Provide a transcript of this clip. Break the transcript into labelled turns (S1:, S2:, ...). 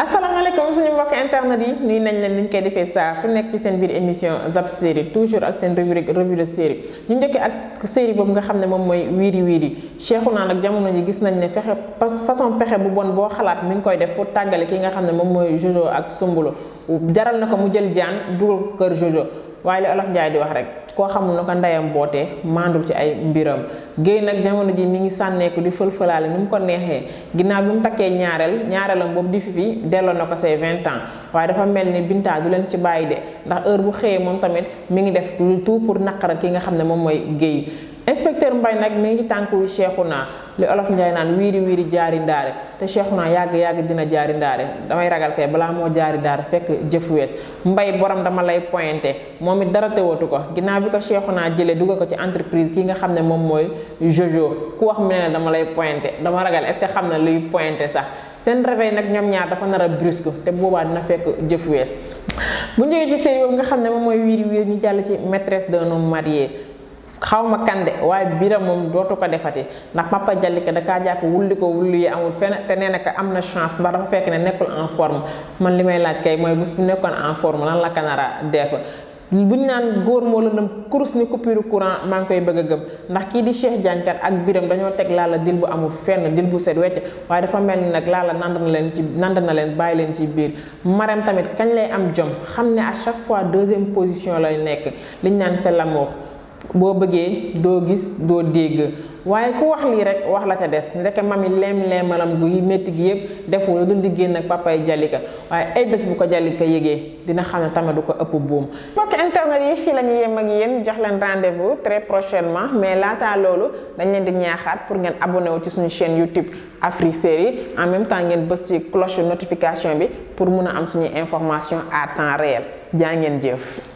S1: asalaamaaleykum suñu mbokk internet yi nous nañ leen niñ koy défé ça su émission zap série toujours ak seen rubrique revue de série ñu ñëk ak série nga xamné ne moy wiri wiri cheikhou ont jamono ji gis nañ ne fexé façon fexé bu bon bo xalaat mi ngi koy def pour tagalé ki nga xamné ne moy Jojo ak Sombolo jaral nako mu jël Jojo waaye li olof njaay di wax rek koo xamul na ko ndeyam bootee mandul ci ay mbiram géey nag jamono ji mi ngi sànneeku di fël-fëlaale ni mu ko neexee ginnaaw bi mu takkee ñaareel ñaareelam boobu di fii delloo na ko say vingt ans waaye dafa mel ni Binta du leen ci bàyyi de ndax heure bu xëyee moom tamit mi ngi def lu tout pour naqaral ki nga xam ne moom mooy géey inspecteur mbay nag mu ngi tànk wi Cheikhouna li olof Ndiaye naan wiiri wiiri jaari ndaare te Cheikhouna yàgg yàgg dina jaari ndaare damay ragal kay balaa moo jaari ndaare fekk jëf wees Mbaye borom dama lay pointé moom dara tewatu ko ginnaaw bi ko Cheikhouna jëlee dugal ko ci entreprise ki nga xam ne moom mooy Jojo ku wax mu ne dama lay pointé dama ragal est ce xam na luy pointé sax seen réveil nag ñoom ñaar dafa nar a brusque te boobaa dina fekk jëf wees bu njëgee ci série nga xam ne moom mooy wiiri wiiri ñu jàll ci maîtresse d'un homme marié xaw ma kande waaye bira moom dootu ko defati ndax papa Jalika da kaa jàpp wulli ko wulli yi amul fenn te nee ko am na chance ndax dafa fekk ne nekkul en forme man li may laaj kay mooy bés bu nekkoon en forme lan la kanara def buñ naan góor moo lëndëm kurus ni coupure courant maa ngi koy bëgg a gëm ndax kii di Cheikh Diagne ak Biram dañoo teg laala dil bu amul fenn dil bu set wecc waaye dafa mel ni nag laala nand na leen ci nand na leen bàyyi leen ci biir Marème tamit kañ lay am jom xam ne à chaque fois deuxième position lay nekk li ñu naan c'est l'amour bo beugé do gis do dégg waye ko wax li rek wax la ta dess ndeke mami leem leemalam gu métti gi yëpp deful la dul di génn papa papay Jalika waaye ay bes bu ko jallika yëgee dina xamé tamé tamit du ko ëpp boom mbokk internet yi fi lañu ñu ak yeen jox leen rendez-vous très prochainement mais la ta loolu dañ leen di ñaaxaat pour ngeen abonné wu ci suñu chaîne YouTube Afri Série en même temps ngeen bëss ci cloche notification bi pour mëna am suñu information à temps réel jaa ngeen jëf